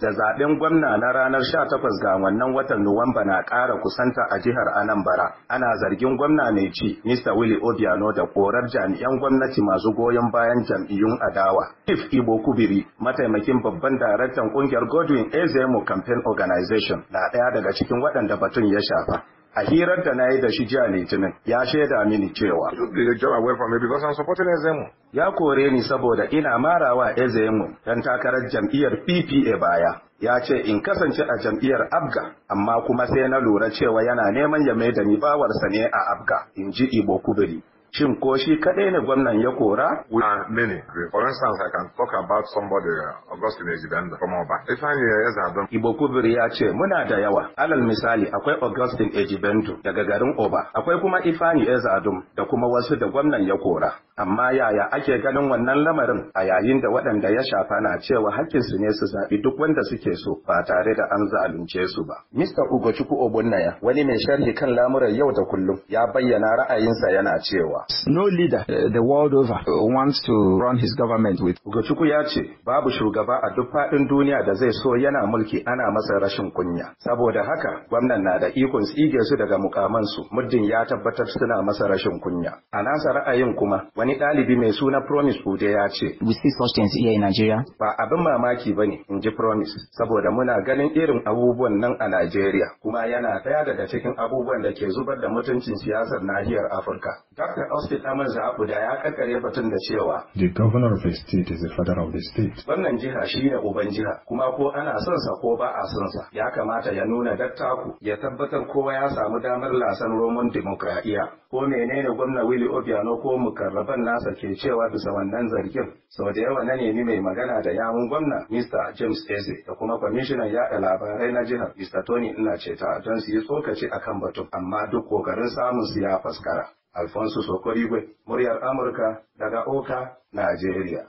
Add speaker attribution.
Speaker 1: da zaben gwamna na ranar 18 ga wannan watan Nuwamba na ƙara kusanta a jihar Anambara, Ana zargin gwamna mai ci, Mr. Willy Obiano da korar jami'an gwamnati masu goyon bayan jam'iyyun adawa. Chief Ibo Kubiri, mataimakin babban daraktan ƙungiyar Godwin Ezemo Campaign Organization, na ɗaya daga cikin waɗanda batun ya shafa. a hirar da na yi da shi jiya litinin ya shaida mini cewa ya kore ni saboda ina marawa ezemu dan takarar jam'iyyar ppa baya ya ce in kasance a jam'iyyar abga amma kuma sai na lura cewa yana neman ya mai da ni bawarsa ne a abga in ji ibo kubiri Shin ko shi kaɗai ne gwamnan ya kora? We are many. For instance, I can talk about somebody, uh, Augustine Ejibenda from Oba. I don't. Ibo Kubir ya ce muna da yawa. Alal misali akwai Augustine Ejibendo daga garin Oba. Akwai kuma Ifeanyi Ezadon da kuma wasu da gwamnan ya kora. Amma yaya ake ganin wannan lamarin a yayin da waɗanda ya shafa na cewa hakkinsu ne su zaɓi duk wanda suke so ba tare da an zalunce su ba. Mr. Ugochukwu Obunnaya wani mai sharhi kan lamuran yau da kullum ya bayyana ra'ayinsa yana cewa corrupt. No leader eh, the world over eh, wants to run his government with. Ugochukwu ya ce babu shugaba a duk faɗin duniya da zai so yana mulki ana masa rashin kunya. Saboda haka gwamnan na da ikon tsige su daga mukamansu muddin ya tabbatar suna masa rashin kunya. A nasa ra'ayin kuma wani ɗalibi mai suna Promise Ude ya ce. We see such things here in Nigeria. Ba abin mamaki ba ne in ji Promise saboda muna ganin irin abubuwan nan a Nigeria. kuma yana ɗaya daga cikin abubuwan da ke zubar da mutuncin siyasar nahiyar Afirka. Dr. ospita man guda ya kakkare batun da cewa the governor of a state is the father of the state wannan jiha shi ne uban jiha kuma ko ana son sa ko ba a son sa ya kamata ya nuna dattaku ya tabbatar kowa ya samu damar lasan roman demokradiya ko menene gwamna Willy Obiano ko mukarraban nasa ke cewa bisa wannan zargin sau da yawa na nemi mai magana da yawun gwamna Mr. James Eze da kuma kwamishinan yaɗa labarai na jihar Mr. Tony Ina ce don su yi tsokaci akan batun amma duk kokarin samun su ya faskara. Alfonso Sokoligwe, muryar Amurka daga Oka, Najeriya.